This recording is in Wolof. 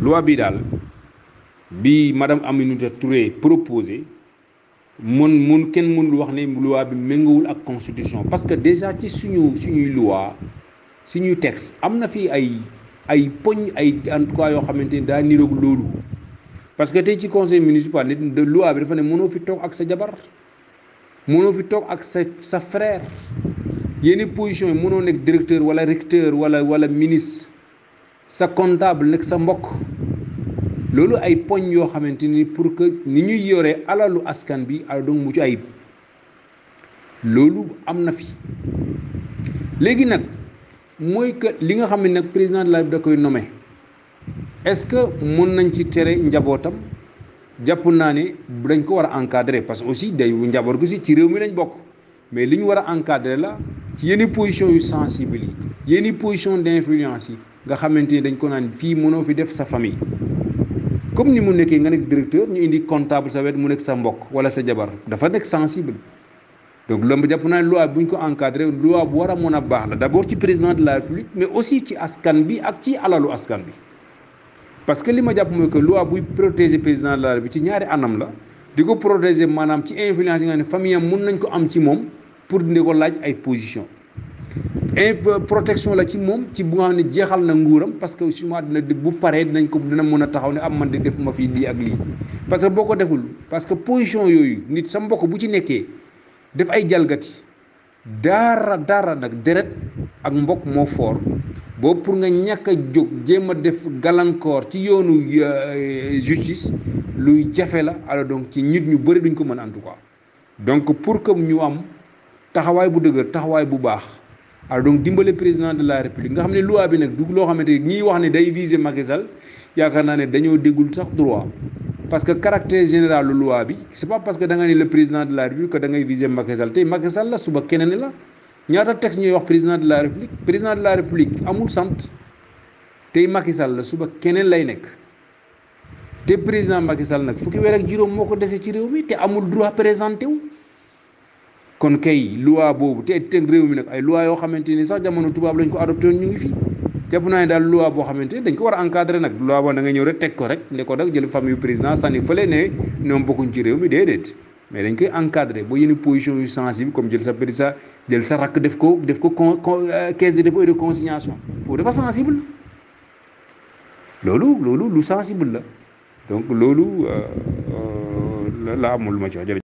loi bi dal bi madame Aminata Touré proposé mon, mon, ken mon wax ne loi bi méngawul ak constitution parce que déjà ci suñu suñuy loi suñuy texte amna fi ay ay poñ ay en tout cas yoo xamante ni parce que tey ci conseil municipal nit de loi bi dafa né mono fi tok ak sa jabar mono fi tok ak sa sa frère position mono nek directeur wala recteur wala wala ministre sa comptable nag sa mbokk loolu ay poñ yoo xamante ni pour que ni ñuy yoree alalu askan bi al dong mucc ayib loolu am na fi léegi nag mooy que li nga xam ne nag président de la République da koy nommé est-ce que mën nañ ci tere njabootam jàpp naa ne dañ ko war a encadrer parce que aussi day njaboot gu si ci réew mi nañ bokk mais li ñu war a encadrer la ci yenn position yu sensible yi yenn position d'influence yi nga xamante ni dañ ko naan fii mënoo fi def sa famille comme ni mu nekkee nga nekk directeur ñu indi comptable sa wet mu nekk sa mbokk wala sa jabar dafa nekk sensible donc loolu jàpp naa loi bu ñu ko encadré loi bu war a mën a baax la d' abord ci président de la république mais aussi ci askan bi ak ci alalu askan bi parce que li ma jàpp mooy que loi buy protéger président de la république ci ñaari anam la di ko protéger maanaam ci influence yi nga ne famille am mun nañ ko am ci moom pour di ko laaj ay position protection la ci moom ci bu nga xam ne jeexal na nguuram parce que sûrement dina bu paree dinañ ko dina mën a taxaw ne am ah, man de defuma fi lii ak lii parce que boo ko deful parce que position yooyu nit sa mbokk bu ci nekkee def ay jalgati daara daara nag deret ak mbokk moo foor boobu pour nga ñàkk a jóg jéem a def gàllankoor ci yoonu euh, justice luy jafe la alors donc ci nit ñu bëri duñ ko mën en tout donc pour que ñu am taxawaay bu dëgër taxawaay bu baax waaw ah, donc dimbale président de la république nga xam ne loi bi nag du loo xamante ni ñiy wax ne day viser Macky Sall yaakaar naa ne dañoo déggul sax droit parce que caractère général lu bi c'est pas parce que danga nga ne de la république que da ngay viser Macky suba keneen la ñaata texte ñuy wax président de la république président de la république amul sant tey Macky Sall la suba keneen lay nekk te président Macky Sall nag fukki weer ak juróom moo ko desee ci réew mi te amul droit présenté wu. kon kay loi boobu te teg réew mi nag ay loi yoo xamante ni sax jamono tubaab lañ ko adopté woon ñu ngi fi jàpp naa daal loi boo xamante ni dañ ko war a encadré nag loi boo da nga ñëw rek teg ko rek ne ko jël famille président sànni fële ne ñoom bokkuñ mi déedéet mais dañ koy encadré ba yenn position yu sensible comme jël sa président jël sa rakk def ko def ko con con euh, caisse de dépôt et de consignation foofu dafa sensible loolu loolu lu sensible la donc loolu euh, euh, la amul ma ci wax